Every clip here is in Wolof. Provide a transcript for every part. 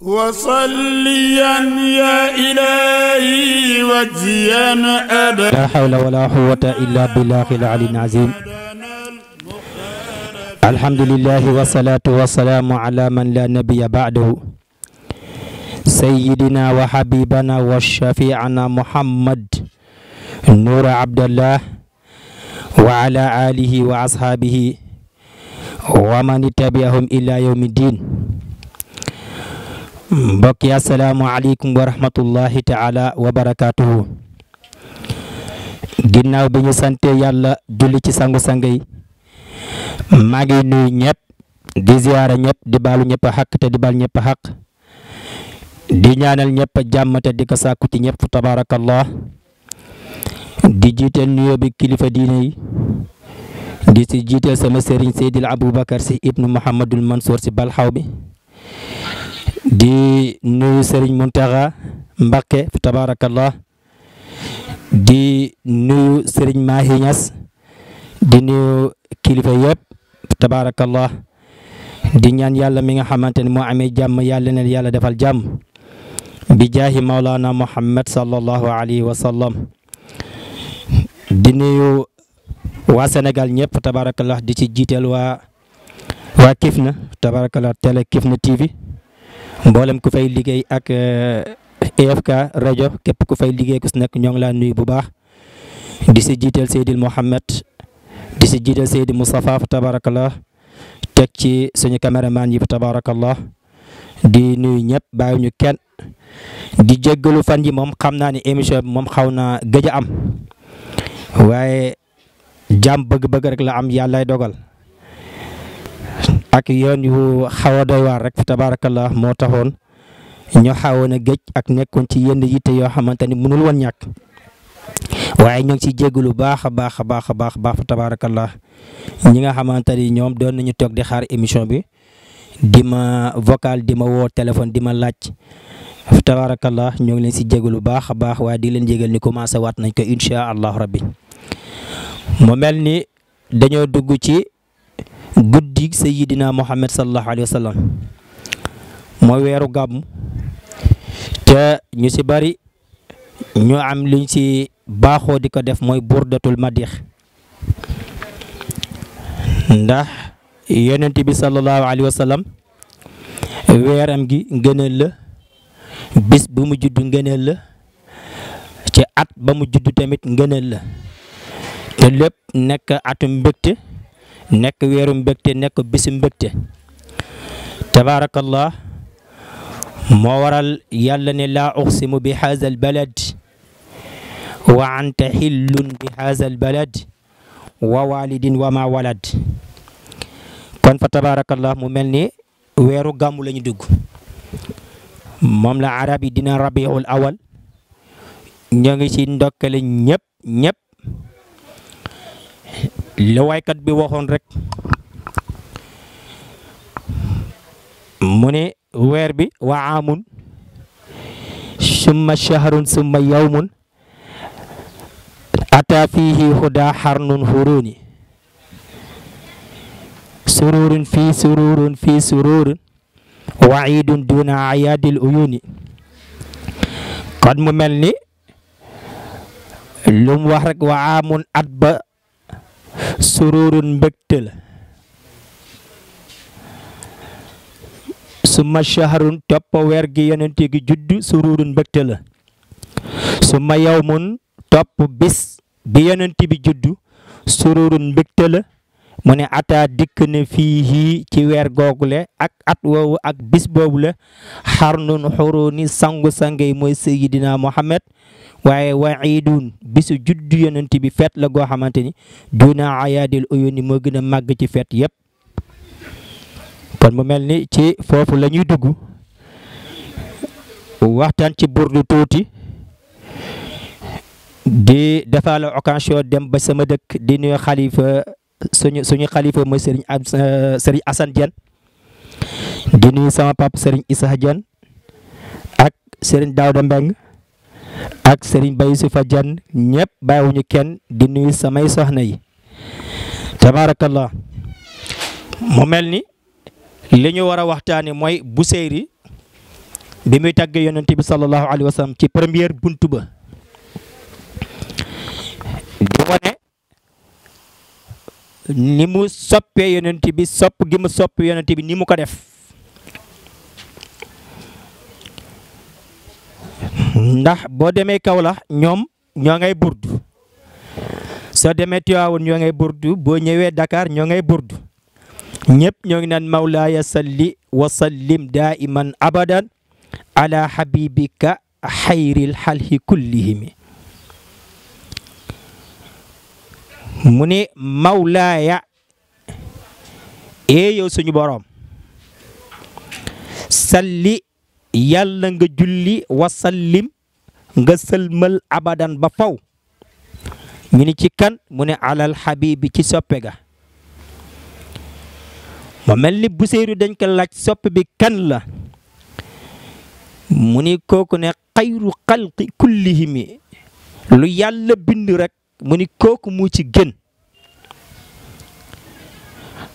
وصليا يا إلهي وجيا أبدا لا حول ولا قوة إلا بالله العلي العظيم الحمد لله والصلاة والسلام على من لا نبي بعده سيدنا وحبيبنا وشفيعنا محمد نور عبد الله وعلى آله وأصحابه ومن تبعهم إلى يوم الدين mbokk yi asalaamaaleykum wa taala wa barakaatuhu ginnaaw bi ñu sante yàlla julli ci sangu-sang yi maa ngi nuyu ñëpp di ziyaara ñëpp di baalu ñëpp a te di baal ñëpp a di ñaanal ñëpp a jàmm te di ko sàkku ci ñëpp tabaarakallah di jiiteel nuyoo bi kilifa diine yi di si jiiteel sama sëriñ Seydil Aboubacar si ibnu Muhammadul Mansour si balxaw bi di nuyu Serigne Mountakha Mbacké tabarakallah di nuyu Serigne Mahi di nuyu kilifa yëpp tabarakallah di ñaan yàlla mi nga xamante ne moo amee jàmm yàlla neen yàlla defal jàmm bi jaahi maulana muhammad sallallahu alayhi wa di nuyu waa Sénégal ñëpp tabarakallah di ci jiiteel waa waa Kifne tabarakallah télé Kifne TV mboolem ku fay liggéey ak EFK eh, rajo képp ku fay liggéey ku si nekk ñoo ngi laa nuyu bu baax di si jiital Seydil Mohamed di si jiital Seydi Moustapha fa tabarakallah teg ci suñu caméraman yi fa tabarakallah di nuyu ñëpp bàyyi ñu kenn di jéggalu fan yi moom xam naa ne émission bi moom xaw naa gëj a am waaye jàmm bëgg-bëgg rek la am yàllay dogal ak yoon yu xawa doy waar rek tabarakallah moo taxoon ñu xawoon a géej ak nekkoon ci yenn yitte yoo xamante ni mënul woon ñàkk waaye ñoo ngi ciy lu baax a baax a baax a baax baax ñi nga xamante ni doon nañu toog di xaar émission bi di ma vocal di ma woo téléphone di ma laaj tabarakallah tabaarakallah ngi leen si jégalu baax a baax waaye di leen jégal ni commencé waat nañ ko incha allah rabbi mu mel ni dañoo dugg ci. guddi sayidina muhammad sallallahu alayhi wa mooy weeru gàmm te ñu si bari ñoo am luñ si baaxoo di ko def mooy burdatul madix ndax yonent bi sallallahu alayhi wa weeram gi ngëneel la bis bu mu judd ngëneel la ci at ba mu judd tamit ngëneel la te lépp nekk atum mbégte nekk weeru mbégte nekk bisu mbégte tabaarakallah moo waral yàlla ne laa uqsimu bi haza al balad wa anta xillun bi haza al wa walidin wa ma walad kon fa tabaarakallah mu mel ni weeru gàmmu la ñu dugg moom la arab dina rabiul awal ñoo ngi ci ndokkale ñëpp ñëpp li waykat bi waxoon rek mu ne weer bi wa aamun summa shahrun summa yawmun ataa fiihi huda xarnun huruni sururun fi sururun fi sururun waidun duna ayaadil uyuni kon mu mel ni lu wax rek wa at ba sururun mbégte la su ma shaharun topp weer gi yonent gi judd sururun mbégte la su ma yawmun topp bis bi yonent bi judd sururun mbégte la mu ne ataa dikk ne fii ci weer googule ak at woowu ak bis boobu la xarnun xuruni sangu yi mooy Seydina Muhammad waaye waidun bisu juddu yonent bi feet la goo xamante ni duna ayaadil moo gën a màgg ci feet yëpp kon mu mel ni ci foofu la ñuy dugg waxtaan ci burdu tuuti di defal occasion dem ba sama dëkk di nuyu xalifa suñu suñu xalifa mooy sëriñ ab euh, sëriñ Assane di nuyu sama papa sëriñ Issa Diène ak sëriñ Daouda Mbeng ak Serigne Baye Youssoufa Diagne ñëpp bàyyiwuñu kenn di nuyu samay soxna yi tabaarakallah mu mel ni li ñu war a waxtaani mooy Buseyri bi muy tàggee yonent bi sallallahu alayhi wa ci première bunt ba di wane ni mu soppee yonent bi sopp gi mu sopp yonent bi ni mu ko def ndax boo demee Kaolack ñoom ñoo ngay burdu soo demee Tiwaawoon ñoo ngay burdu boo ñëwee Dakar ñoo ngay burdu ñëpp ñoo ngi naan mawlaaya salli wa sallim daiman abadan ala habibika xayril xalxi kullihimi mu ni mawlaaya ee yow suñu boroom salli yàlla nga julli wasallim nga sëlmal abadan ba fow ñu ni ci kan mu ne alal xabibi ci soppe ga mu mel ni Buseyri dañ ka laaj soppe bi kan la mu ni kooku ne xayru xalqi kullihimi lu yàlla bind rek mu ne kooku mu ci gën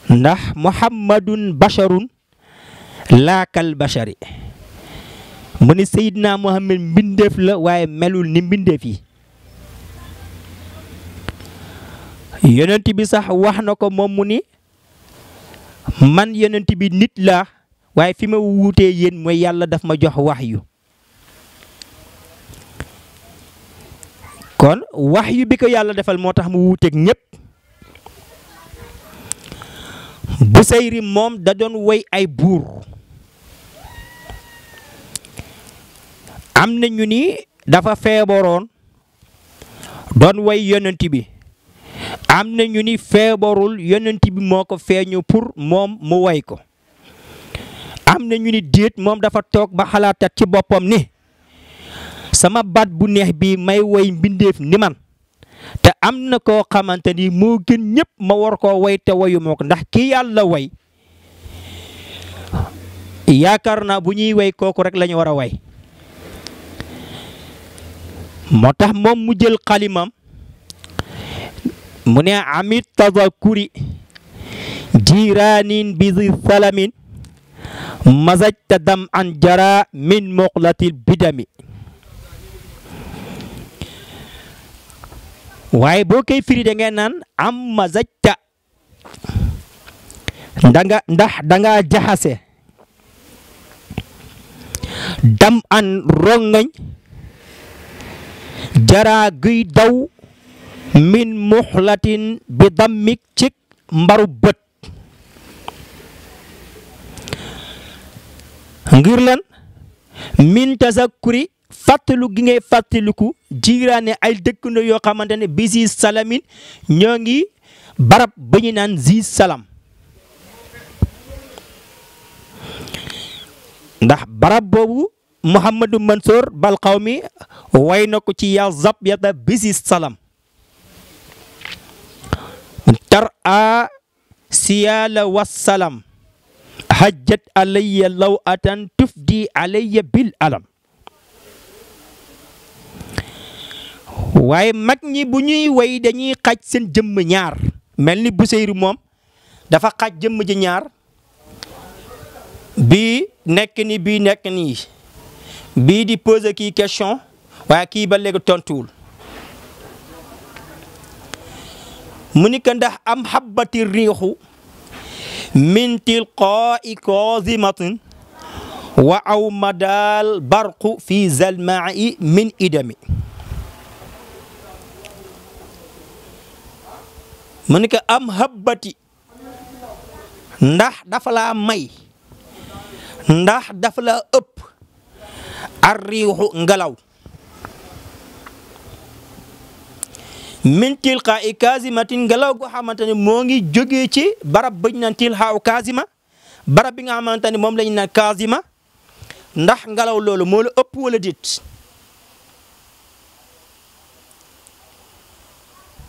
ndax mu muhammadun basharun laakal bashari mu ni Seydina Muhammad mbindeef la waaye melul ni mbindeef yi yonent bi sax wax na ko moom mu ni man yonent bi nit la waaye fi ma wuutee yéen mooy yàlla daf ma jox wax yu kon wax yu bi ko yàlla defal moo tax mu wuuteeg ñépp Busayri moom da doon woy ay buur am na ñu ni dafa feebaroon doon way yonent bi am na ñu ni feebarul yonent bi moo ko feeñu pour moom mu way ko am na ñu ni déet moom dafa toog ba xalaatat ci boppam ni sama baat bu neex bi may woy mbindeef ni man te am na koo xamante ni moo gën ñëpp ma war koo woy te wayu moo ko ndax ki yàlla way yaakaar naa bu ñuy way kooku rek lañu ñu war a way moo tax moom mu jël xalimam mu ne amit tazakuri jiraanin bisi salamin mazajta dam an jara min muqlatil bidami waaye boo koy firi da ngeen naan am mazajta danga ndax danga jaxase dam an rongañ jaraa guy daw min muxlatin bi dammik cik mbaru bët ngir lan min tazakkuri fàttalu gi ngay fàttaliku jiiraane ay dëkkandoo yoo xamante ne bi si salamin ñoo ngi barab ba naan zi salam ndax barab boobu Mouhamadou Mansour bal xaw mi way na ko ci ya zab yata bisi salam tar a siyaala wassalam hajjat alayya law atan tufdi alayya bil alam waaye mag ñi bu ñuy way dañuy xaj seen jëmm ñaar mel ni Buseyri moom dafa xaj jëmm ji ñaar bi nekk ni bii bi di poser ki question waaye ki ba léegi tontuwul muni ni ndax am habati rihu min tilqa'i qazimatin wa aw madal barqu fi zalma'i min idami muni ka am habati ndax dafa la may ndax dafa la upp ar ngelaw min tilqaa i kaasimatin ngelaw goo xamante ne moo ngi jógee ci barab bañ naan tilxaaw kaasima barab bi nga xamante ne moom lañ naan kaasima ndax ngelaw lool moo la ëpp wala dit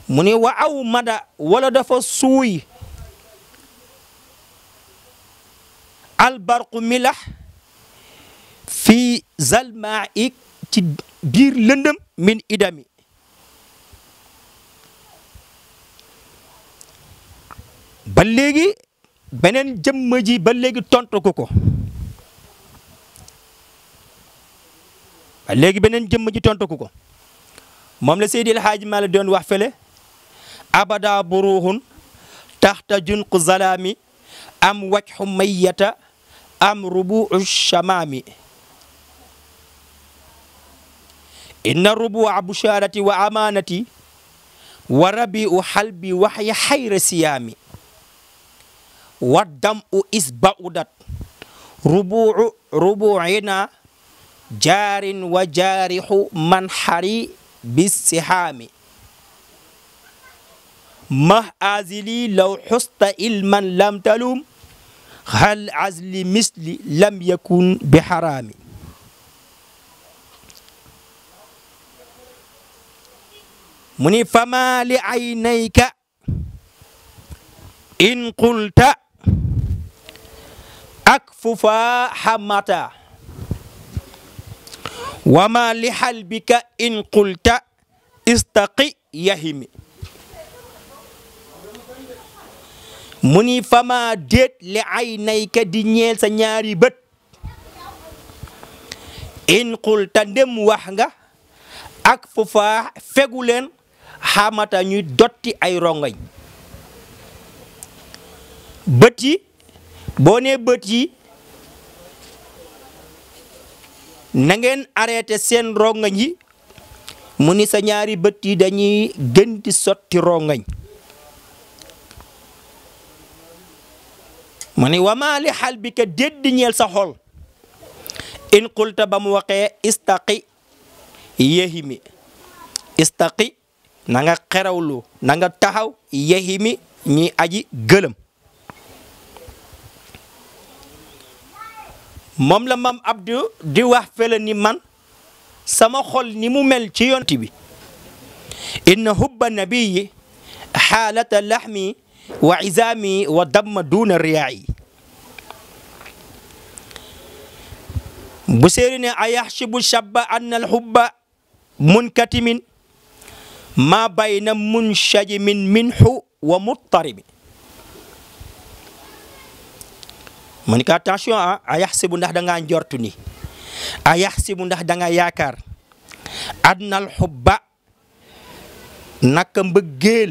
mu ne wa aw mada wala dafa suuy albarqu milax fii zalmaa ik ci biir lëndëm min idami ba léegi beneen jëmm ji ba léegi tontu ko léegi beneen jëmm ji tontu ko ko moom la Seydi doon wax fële abada buruhun taxta junqu zalaami am wajhu mayyata am rubu'u shamaami إن الربوع بشارتي وأمانتي وربيع حلبي وحي حير سيامي والدمء إذ ربوع ربوعنا جار وجارح منحري بالسحام مه أزلي لو حست علما لم تلوم هل عزلي مثلي لم يكن بحرامي mu ni fama li aynayka in qulta akfufa hamata wa ma li halbika in qulta istaqi yahimi mu ni fama déet li aynayka di ñeel sa ñaari bët in qulta ndem wax nga ak fufa feguleen xaamata ñuy dotti ay rongoñ bët yi boo nee bët yi na ngeen arrêté seen rongoñ yi mu ni sa ñaari bët yi dañuy gën sotti rongoñ mu ni wamaali xal bi ka déddi ñeel sa xol in qulta ba mu waxee istaqi yéhi mi na nga xerawlu na nga taxaw yeximi ñi aji gëlëm moom la mam Abdou di wax fële ni man sama xol ni mu mel ci yonent bi inna hubba nabiyi xaalata laxmi wa izaami wa damma duuna riyaayi bu seeri ne a yaxshibu shabba anna alhubba munkatimin maa bayna munshajimin minhu wa muttaribi mu ni ko attention ah, a yaxsibu ndax danga ngaa njortu ni a yaxsibu ndax danga nga yaakaar adnal xubba naka mbëggeel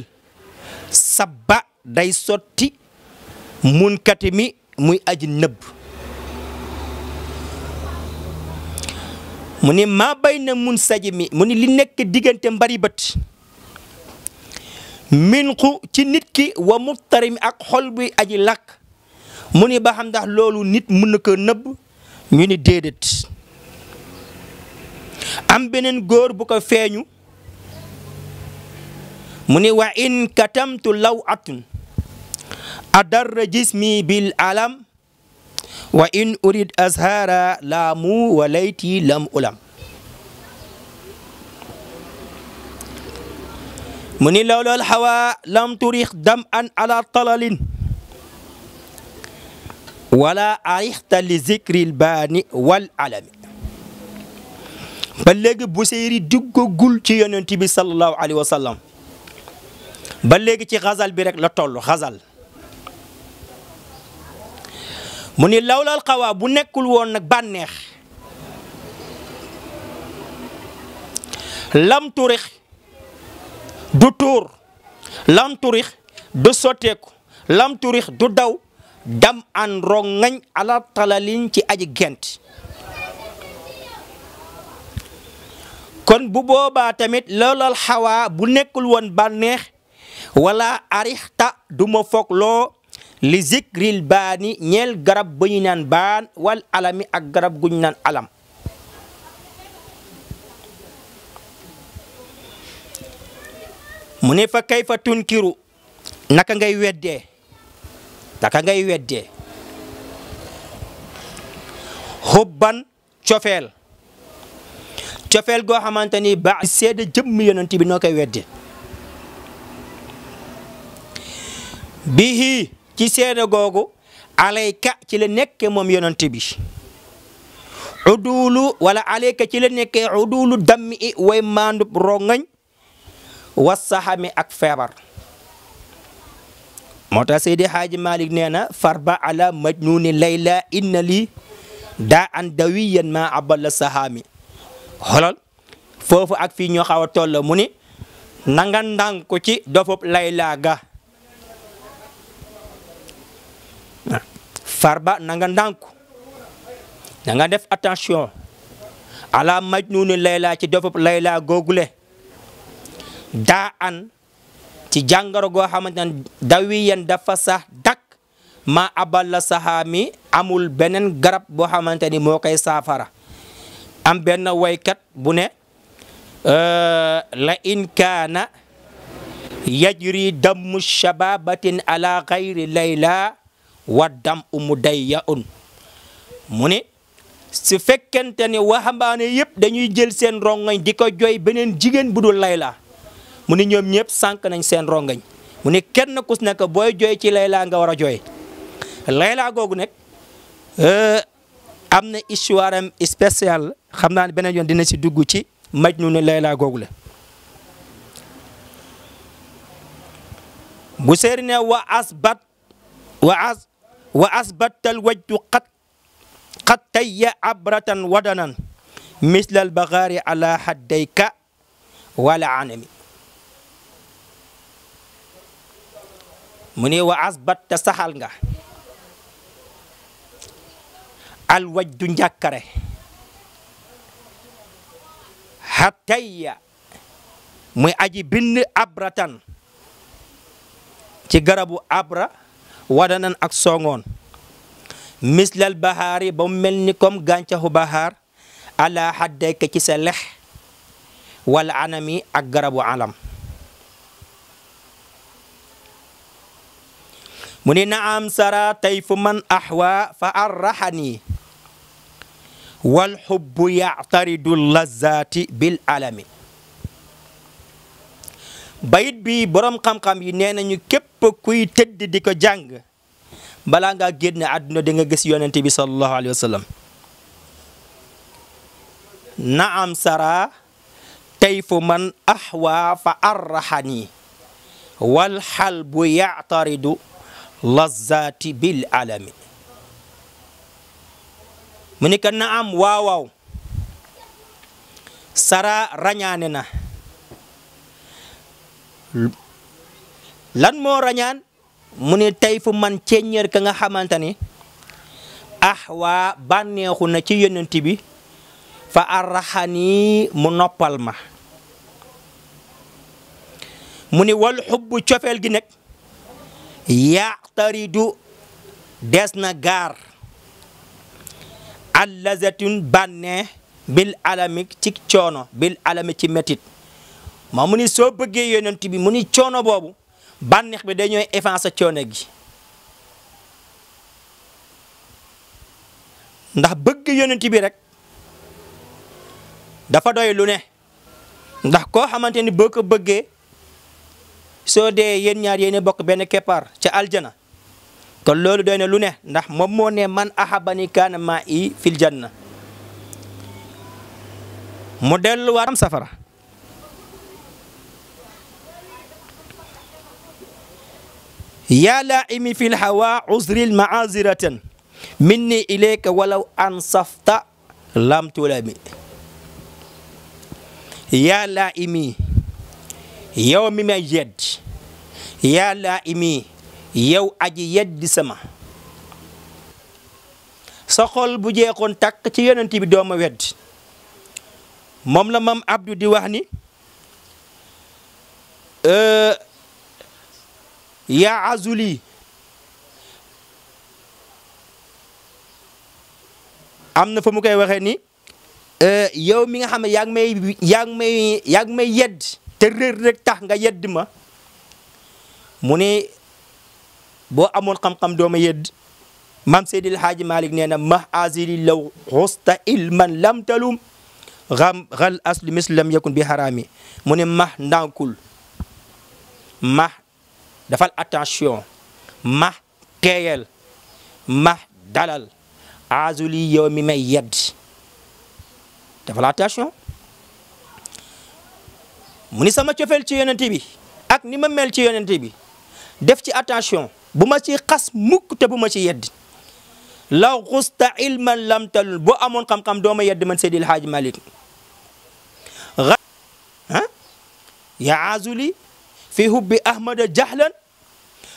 sabba day sotti munkati mi muy aji nëbb mu ni bay na mun saji mi mun li nekk diggante mbari bët minqu ci nit ki wa muftarim ak xol bi aji lakk mu ni ba xam ndax loolu nit mën na ko nëbb ñu ni déedéet am beneen góor bu ko feeñu mu ni wa in katamtu law atun adarra jismi bil alam wa in urid azhara laamu wa layti lam ulam mu ni lawlal hawa lam turix dam an ala talalin wala arixta li zikril baani wal alami ba léegi Buseyri duggagul ci yonent bi sallallahu alayhi wa sallam ba léegi ci xasal bi rek la toll xasal mu ni lawlal xawaa bu nekkul woon nag bànneex lam turix du tuur lam turix du sotteeku lam turix du daw dam an rongañ ala talalin ci aji gent kon bu boobaa tamit loolal xawaa bu nekkul woon bànneex wala arixta du ma loo li zikril baani ñeel garab ba ñu naan baan wal alami ak garab guñ naan alam mu ne fa kay fa tunkiru naka ngay weddee naka ngay weddee hubban cofeel cofeel goo xamante ni ba seeda jëmm yonanti bi noo koy wedde bihi ci seeda googu alayka ci la nekke moom yonanti bi uduulu wala alayka ci la nekkee uduulu dammi i way maandub rongañ was wasaxami ak feebar moo tax Seydi Xaaji Malik nee na farba ala majnuni layla inna li daa an dawiyan ma abala saxaami xolol foofu ak fii ñoo xaw a toll mu ni nanga ndànk ko ci dofub layla ga farba nanga ndànku nanga def attention ala majnuni layla ci dofub layla googule daan ci jangaro go xamantene yang dawiyan dafa sah dak ma abal sahami amul benen garab bo xamantene mo kay safara am am way kat bu ne la in kana yajri damu shababatin ala ghairi layla wa dam umu muni su fekkente ni waxambaane yëpp dañuy jël sen rongay diko joy benen jigen budul layla mu ni ñom ñep sank nañ seen rongañ mu ni kenn ku si nekk booy jooy ci Layla nga wara joy Layla gogu nek euh amna histoire am spéciale xam naa yoon dina ci dugg ci majnu ne Layla gogu la. bu seeri wa asbat wa as wa asbat al wajd qat qat tayya abratan wadanan مثل bagaari على حديك ولا عنمي mu ne wa asbat te saxal nga al wajdu njàkkare xatayya muy aji bind abratan ci garabu abra wadanan ak songoon mislal bahaari ba mu mel ni comme gàncaxu bahaar ala xaddayka ci sa lex wala anami ak garabu alam mu ni naam sara tey man ahwa fa arraxani wal xubbu yactaridu lazzaati bayit bi boroom xam-xam yi nee nañu képp kuy tëdd di ko jàng balaa ngaa génn àdduna di nga gis yonente bi sallallahu alayhi wa naam sara tey fu man ahwa fa arraxani wal xalbu lazzaati bil alami mu ni kan na am waawaaw sara rañaane na lan moo rañaan mu ni tey man ceññeer ka nga xamante ni ah waa bànneexu na ci yonent bi fa arraxani mu noppal ma mu ni wal xubbu cofeel gi nekk yaxtaridu des na gaar allazatun bànneex bil alami ci coono bil alami ci métit moo mu ni soo bëggee yonent bi mu ni coono boobu bànneex bi dañoo effacer coono gi ndax bëgg yonent bi rek dafa doy lu ne ndax koo xamante ni boo ko bëggee soo dee yéen ñaar yéen bokk benn keppaar ca aljana kon loolu doy na lu ne ndax moom moo ne man ahabani kaana maa i fil janna mu delluwaatam safara yaa laaimi fi lhawa usril maaziratan minni ilayka walaw ansafta lam tulami yaa laaimi yow mi may yedd yaa laa imi yow aji yeddi sama sa xol bu jeexoon takk ci yonent bi dooma wedd moom la mam abdu di ni euh, yaa azuli am na fa mu koy waxee ni euh, yow mi nga xam ne yaa ngi may yaa may yedd te réer rek tax nga yedd ma mu ne boo amoon xam-xam dooma yedd maam Seydil Haaji Malik nee na mah azili law xusta ilman lam talum xam xal asli mislam yakun bi xaraami mu ne mah ndànkul mah dafal attention mah teeyal mah dalal azuli yow mi may yedd dafal attention muni ni sama cofeel ci yonenti bi ak ni ma mel ci yonenti bi def ci attention buma ci khas mukk te buma ci yedd la xusta ilman lam tal bu amon xam-xam doo ma yedd man Seydi El malik ha ya azuli fi hubbi ahmad jahlan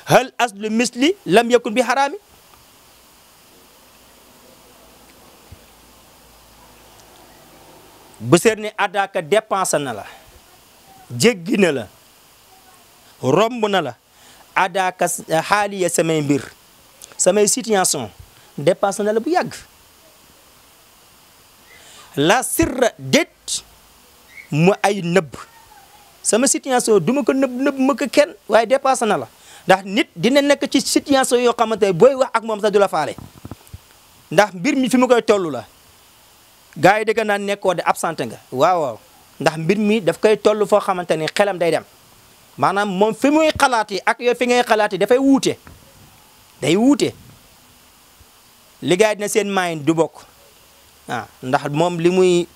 hal aslu misli lam yakun bi xaraami bu seer ni adaka dépensé na la jéggi na la romb na la adaaka xaaliya samay mbir samay situation dépassé na la bu yàgg la sirra déet mu ay nëbb sama situation du ma ko nëbb nëbb ma ko kenn waaye dépassé na la ndax nit dina nekk ci situation yoo xamante ne booy wax ak moom sax du la faale ndax mbir mi fi mu koy toll la gars yi dëgg naa nekkoo de absenté nga waaw ndax mbir mi daf koy toll foo xamante ni xelam day dem maanaam moom fi muy xalaat ak yow fi ngay xalaat yi dafay wuute day wuute liggéey na seen maayin du bokk ndax moom li muy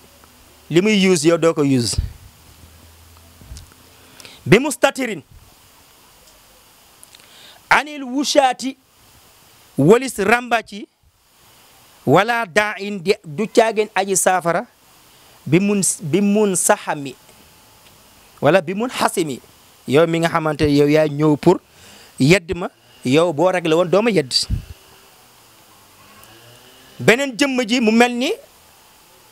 li muy use yow doo ko use bi mustatirin anil wusaati walis ràmbaci wala daa in di du aji saafara bimunsaxami wala bimunxasimi yow mi nga xamante ne yow yaa ñëw pour yedd ma yow boo réglé woon doo ma yedd beneen jëmm ji mu mel ni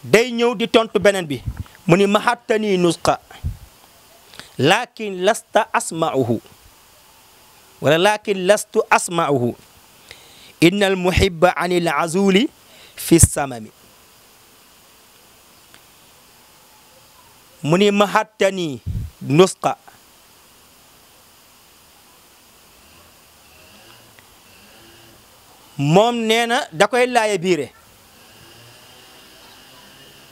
day ñëw di tontu beneen bi mu ni mahattani nusqa laakin lasta asma'uhu wala laakin lastu asma'uhu inna al muhibba an il azuli fi samami mu ni mahattani nusqa moom nee na da koy biire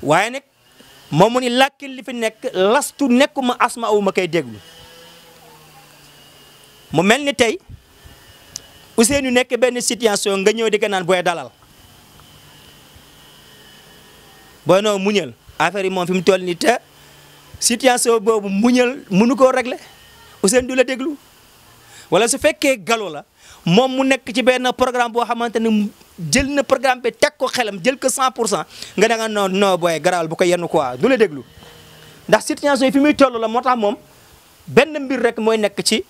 waaye nag moom mu ni làkkin li fi nekk lastu nekkuma asma aw ma koy déglu mu mel ni tey Ousseynou nekk benn situation nga ñëw di ko naan booy dalal booy noo muñal affaire yi moom fi mu toll nii te situation bobu muñal mënu ko régler Ousen du la déglu wala su fekkee galo la mom mu nek ci ben programme bo xamanteni jël na programme bi teg ko xelam jël ko 100 nga da nga non non booy garaawal bu ko yenn quoi du la déglu ndax situation fi muy tollu la motax mom ben mbir rek moy nek ci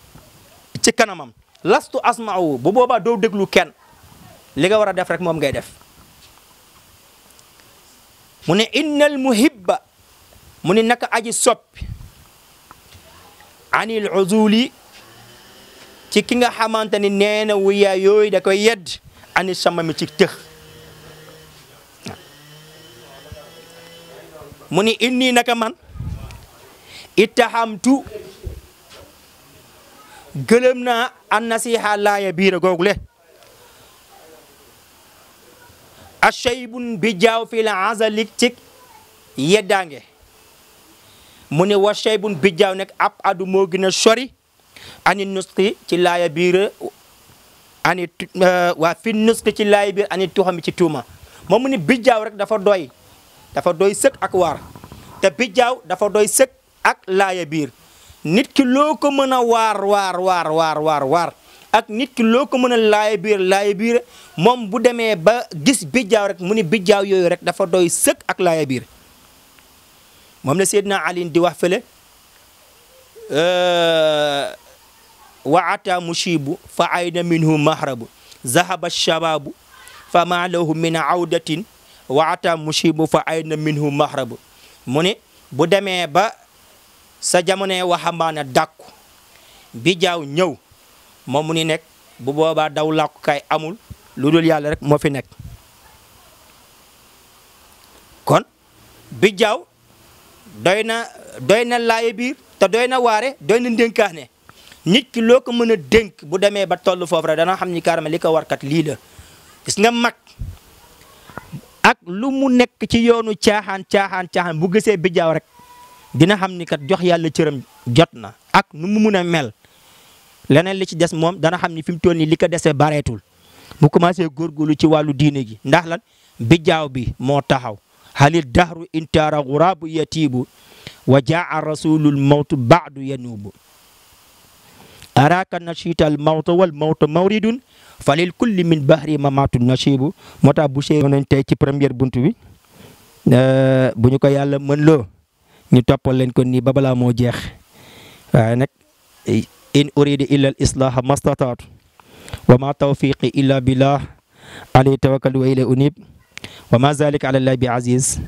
ci kanamam lastu asmau, bu boba do déglu kenn li nga wara def rek mom ngay def mune innal muhibba mu ni naka aji soppi anil uzuli ci ki nga xamante ni nee na wuya yooyu da koy yedd ani sama mi ci tëx mu ni inni naka man ittahamtu gëlëm naa an nasiha laaya biira googule ashaybun bi jaaw fi la azalik ci yeddaange mu ne wa shaybun bijjaaw nekk ab adu moo gën sori ani nuski ci laaya biir ani euh, waa fi nuski ci laaya biir ani tuxami ci tuuma moom mu ne bijjaaw rek dafa doy dafa doy sëkk ak waar te bijjaaw dafa doy sëkk ak laaya biir nit ki loo ko mën a waar waar waar waar waar waar ak nit ki loo ko mën a laaya biir laaya biir moom bu demee ba gis bijjaaw rek mu ne bijjaaw yooyu rek dafa doy sëkk ak laaya biir moom la Seydina Ali di wax fële wa ata mushibu fa ayna minhu mahrabu zahaba shababu fa ma lahu min awdatin wa ata fa ayna minhu mahrabu mu ne bu demee ba sa jamonoy waxambaane dàkku bi jaaw ñëw moom mu nekk bu boobaa daw làkkukaay amul lu dul yàlla rek moo fi nekk kon bi jaaw doy na doy na laaye biir te doy na waare doy na ndénkaane nit ki loo ko mën a dénk bu demee ba toll foofu rek dana xam ni carrément li ko warkat lii la gis nga mag ak lu mu nekk ci yoonu caaxaan caaxaan caaxaan bu gisee bijaaw rek dina xam ni kat jox yàlla cëram jot na ak nu mu mun a mel leneen li ci des moom dana xam ni fi mu toll nii li ko desee bareetul mu commencé góorgóorlu ci wàllu diine gi ndax lan bijaaw bi moo taxaw هل الدهر إن ترى غراب يتيب وجاء رسول الموت بعد ينوب أراك نشيط الموت والموت مورد فللكل من بحر ممات نشيب موتا بوشي نون تاي سي بريمير بونتو بي bu ñu ko yàlla mën loo ñu toppal leen ko nii ba balaa moo jeex waaye nag in uridu illa al islaha mastataatu wa ma tawfiqi illa billah alayhi tawakkal wa ilay unib wa ma zalika ala allahi bi aziz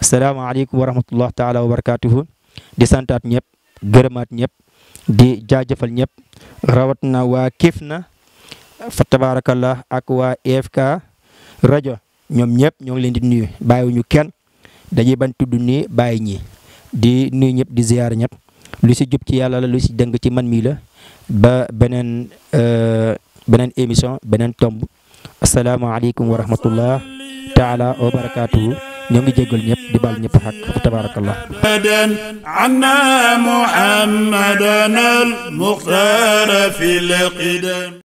asalaamaaleykum wa rahmatullahi taala wa barakatuh di santat ñep gërëmaat ñep di jaajeufal ñep rawat na wa kifna fa tabarakallah ak wa EFK rajo ñom ñep ñoo ngi leen di nuyu ñu kenn dañuy ban tuddu ni bayi ñi di nuyu ñep di ziar ñep lu si jup ci yalla la lu si deng ci man mi la ba beneen euh, beneen émission tombe tomb asalaamaaleykum wa rahmatullah taala wa barakaatuhu ñoo ngi jéggal ñëpp di baal ñëpp xaq tabaarakallah anna muhammadan al muxtaar fi liqdam